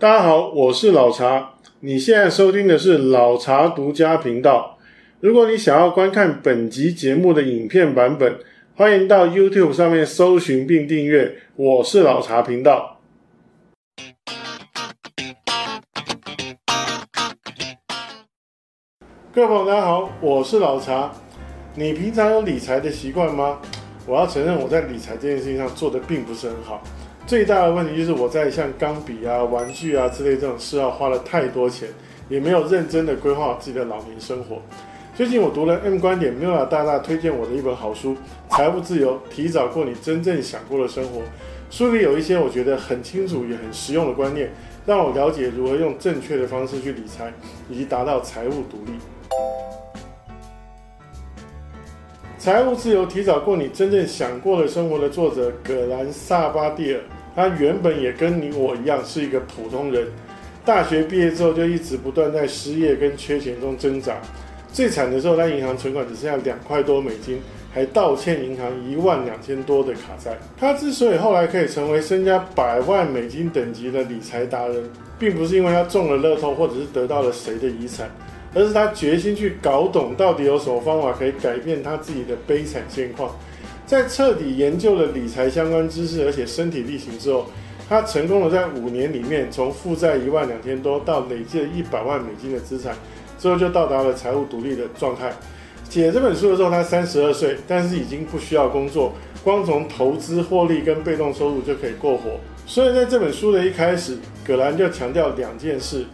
大家好，我是老查。你現在收聽的是老查獨家頻道。如果你想要觀看本集節目的影片版本，歡迎到 YouTube 上面搜尋並訂閱。我是老查頻道。各位朋友，大家好，我是老查。你平常有理財的習慣嗎？我要承認，我在理財這件事情上做得並不是很好。最大的問題就是我在像鋼筆啊、玩具啊之類這種事上花了太多錢，也沒有認真的規劃好自己的老年生活。最近我讀了 M 觀點 Miula 大大推薦我的一本好書《財務自由：提早過你真正想過的生活》。書裡有一些我覺得很清楚也很實用的觀念，讓我了解如何用正確的方式去理財，以及達到財務獨立。《財務自由：提早過你真正想過的生活》的作者葛蘭薩巴蒂爾。他原本也跟你我一樣是一個普通人，大學畢業之後就一直不斷在失業跟缺錢中掙扎。最慘的時候，他銀行存款只剩下兩塊多美金，還倒欠銀行一萬兩千多的卡債。他之所以後來可以成為身家百萬美金等級的理財達人，並不是因為他中了樂透，或者是得到了誰的遺產，而是他決心去搞懂到底有什麼方法可以改變他自己的悲慘現況。在徹底研究了理財相關知識，而且身體力行之後，他成功了。在五年裡面，從負債一萬兩千多到累積了一百萬美金的資產，之後就到達了財務獨立的狀態。寫這本書的時候，他三十二歲，但是已經不需要工作，光從投資獲利跟被動收入就可以過活。所以在這本書的一開始，葛蘭就強調兩件事：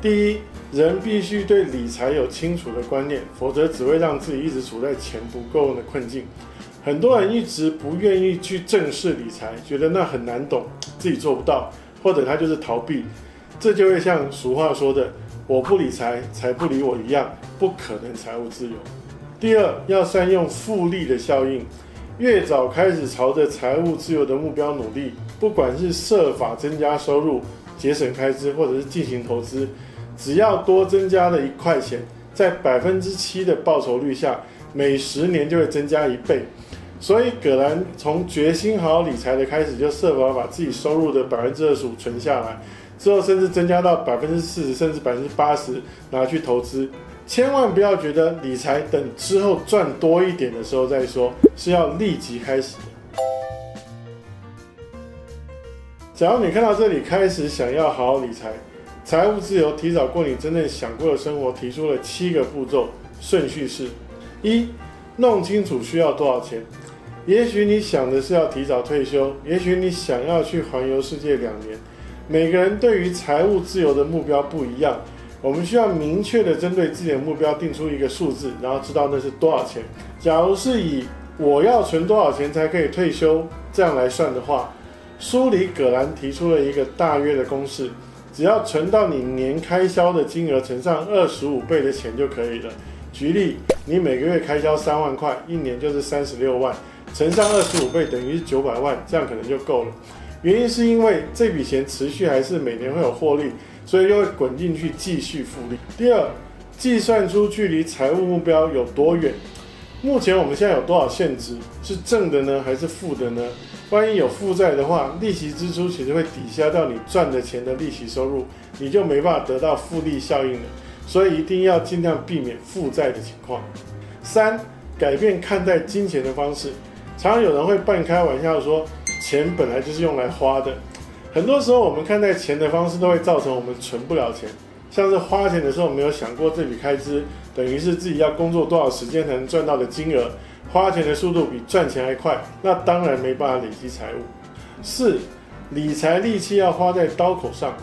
第一，人必須對理財有清楚的觀念，否則只會讓自己一直處在錢不夠用的困境。很多人一直不願意去正視理財，覺得那很難懂，自己做不到，或者他就是逃避，這就會像俗話說的“我不理財，財不理我”一樣，不可能財務自由。第二，要善用複利的效應，越早開始朝着財務自由的目標努力，不管是設法增加收入、節省開支，或者是進行投資，只要多增加了一塊錢，在百分之七的報酬率下，每十年就會增加一倍。所以葛蘭從決心好好理財的開始，就設法把自己收入的百分之二十五存下來，之後甚至增加到百分之四十，甚至百分之八十拿去投資。千萬不要覺得理財等之後賺多一點的時候再說，是要立即開始的。假如你看到這裡，開始想要好好理財，財務自由提早過你真正想過的生活，提出了七個步驟，順序是：一、弄清楚需要多少錢。也許你想的是要提早退休，也許你想要去環遊世界兩年。每個人對於財務自由的目標不一樣，我們需要明確的針對自己的目標定出一個數字，然後知道那是多少錢。假如是以我要存多少錢才可以退休這樣來算的話，書裡葛蘭提出了一個大約的公式，只要存到你年開銷的金額乘上二十五倍的錢就可以了。舉例，你每個月開銷三萬塊，一年就是三十六萬。乘上二十五倍，等於是九百萬，這樣可能就夠了。原因是因為這筆錢持續還是每年會有獲利，所以又會滾進去繼續複利。第二，計算出距離財務目標有多遠。目前我們現在有多少現值？是正的呢，還是負的呢？萬一有負債的話，利息支出其實會抵消掉你賺的錢的利息收入，你就沒辦法得到複利效應了。所以一定要盡量避免負債的情況。三，改變看待金錢的方式。常常有人會半開玩笑說，錢本來就是用來花的。很多時候，我們看待錢的方式都會造成我們存不了錢。像是花錢的時候沒有想過這筆開支等於是自己要工作多少時間才能賺到的金額，花錢的速度比賺錢還快，那當然沒辦法累積財務。四，理財力氣要花在刀口上。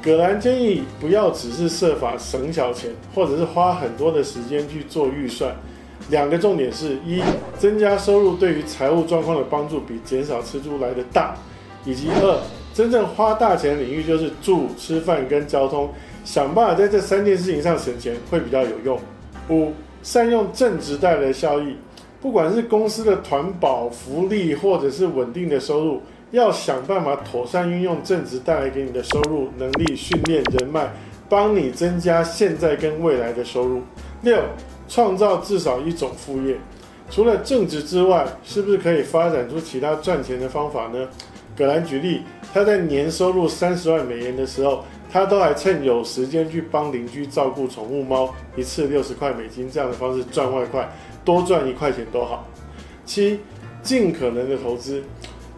葛蘭建議不要只是設法省小錢，或者是花很多的時間去做預算。兩個重點是：一，增加收入對於財務狀況的幫助比減少支出來得大；以及二，真正花大錢的領域就是住、吃飯跟交通，想辦法在這三件事情上省錢會比較有用。五，善用正職帶來的效益，不管是公司的團保福利或者是穩定的收入，要想辦法妥善運用正職帶來給你的收入、能力訓練、人脈，幫你增加現在跟未來的收入。六。創造至少一種副業，除了正職之外，是不是可以發展出其他賺錢的方法呢？葛蘭舉例，他在年收入三十萬美元的時候，他都還趁有時間去幫鄰居照顧寵物貓，一次六十塊美金這樣的方式賺外快，多賺一塊錢都好。七，盡可能的投資，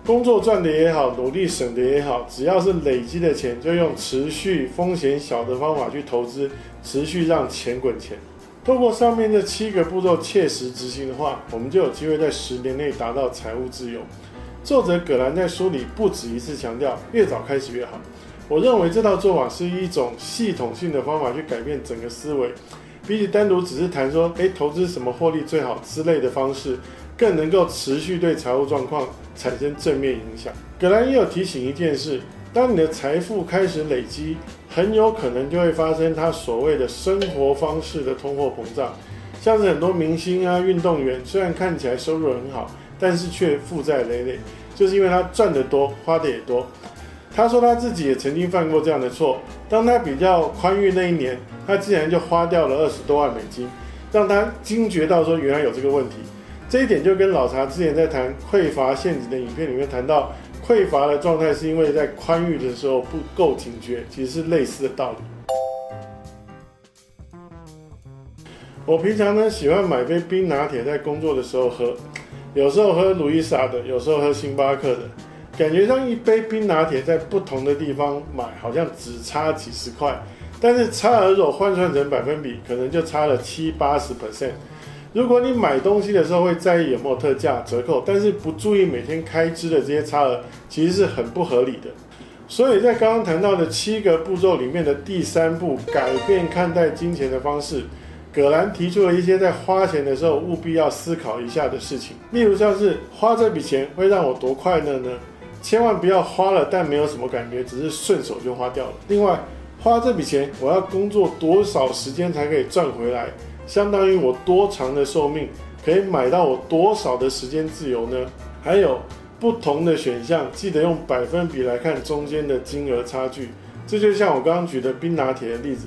工作賺的也好，努力省的也好，只要是累積的錢，就用持續風險小的方法去投資，持續讓錢滾錢。透過上面這七個步驟切實執行的話，我們就有機會在十年內達到財務自由。作者葛蘭在書裡不止一次強調，越早開始越好。我認為這套做法是一種系統性的方法，去改變整個思維，比起單獨只是談說“誒投資什麼獲利最好”之類的方式，更能夠持續對財務狀況產生正面影響。葛蘭也有提醒一件事：當你的財富開始累積。很有可能就會發生他所謂的生活方式的通貨膨脹，像是很多明星啊、運動員，雖然看起來收入很好，但是卻負債累累，就是因為他賺得多，花得也多。他說他自己也曾經犯過這樣的錯，當他比較寬裕那一年，他竟然就花掉了二十多萬美金，讓他驚覺到說原來有這個問題。這一點就跟老查之前在談匱乏陷阱的影片裡面談到。匱乏的狀態是因為在寬裕的時候不夠警覺，其實是類似的道理。我平常呢，喜歡買杯冰拿鐵，在工作的時候喝，有時候喝路易莎的，有時候喝星巴克的，感覺上一杯冰拿鐵在不同的地方買，好像只差幾十塊，但是差額如果換算成百分比，可能就差了七八十 percent。如果你買東西的時候會在意有沒有特價折扣，但是不注意每天開支的這些差額，其實是很不合理的。所以在剛剛談到的七個步驟裡面的第三步，改變看待金錢的方式，葛蘭提出了一些在花錢的時候務必要思考一下的事情，例如像是花這筆錢會讓我多快樂呢？千萬不要花了，但沒有什麼感覺，只是順手就花掉了。另外，花這筆錢我要工作多少時間才可以賺回來？相當於我多長的壽命可以買到我多少的時間自由呢？還有不同的選項，記得用百分比來看中間的金額差距。這就像我剛剛舉的冰拿鐵的例子，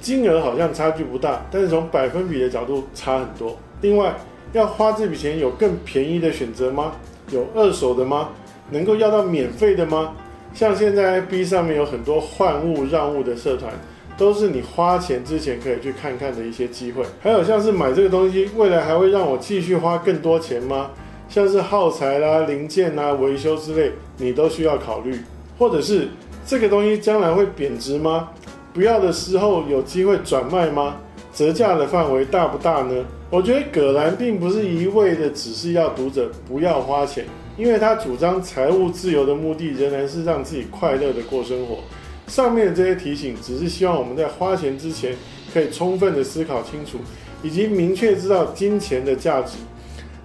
金額好像差距不大，但是從百分比的角度差很多。另外，要花這筆錢有更便宜的選擇嗎？有二手的嗎？能夠要到免費的嗎？像現在 IB 上面有很多換物讓物的社團。都是你花錢之前可以去看看的一些機會，還有像是買這個東西，未來還會讓我繼續花更多錢嗎？像是耗材啦、啊、零件啊、維修之類，你都需要考慮。或者是這個東西將來會貶值嗎？不要的時候有機會轉賣嗎？折價的範圍大不大呢？我覺得葛蘭並不是一味的只是要讀者不要花錢，因為他主張財務自由的目的仍然是讓自己快樂的過生活。上面的這些提醒，只是希望我們在花錢之前，可以充分的思考清楚，以及明確知道金錢的價值。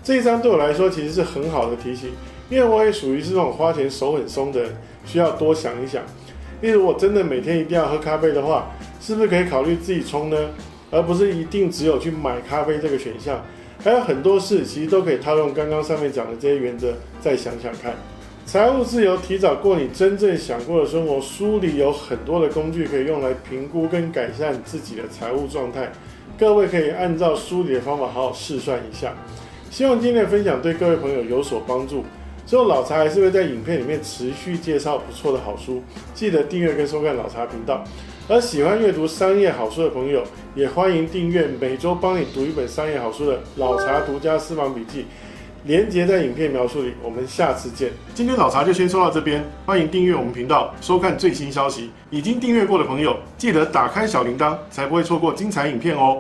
這一章對我來說，其實是很好的提醒，因為我也屬於是這種花錢手很鬆的人，需要多想一想。例如，我真的每天一定要喝咖啡的話，是不是可以考慮自己沖呢？而不是一定只有去買咖啡這個選項。還有很多事，其實都可以套用剛剛上面講的這些原則，再想想看。財務自由，提早過你真正想過的生活。書裡有很多的工具可以用來評估跟改善自己的財務狀態，各位可以按照書裡的方法好好試算一下。希望今天的分享對各位朋友有所幫助。最後，老查還是會在影片裡面持續介紹不錯的好書，記得訂閱跟收看老查頻道。而喜歡閱讀商業好書的朋友，也歡迎訂閱每周幫你讀一本商業好書的老查讀家私房筆記。連結在影片描述裡，我們下次見。今天老查就先說到這邊，歡迎訂閱我們頻道，收看最新消息。已經訂閱過的朋友，記得打開小鈴鐺，才不會錯過精彩影片哦。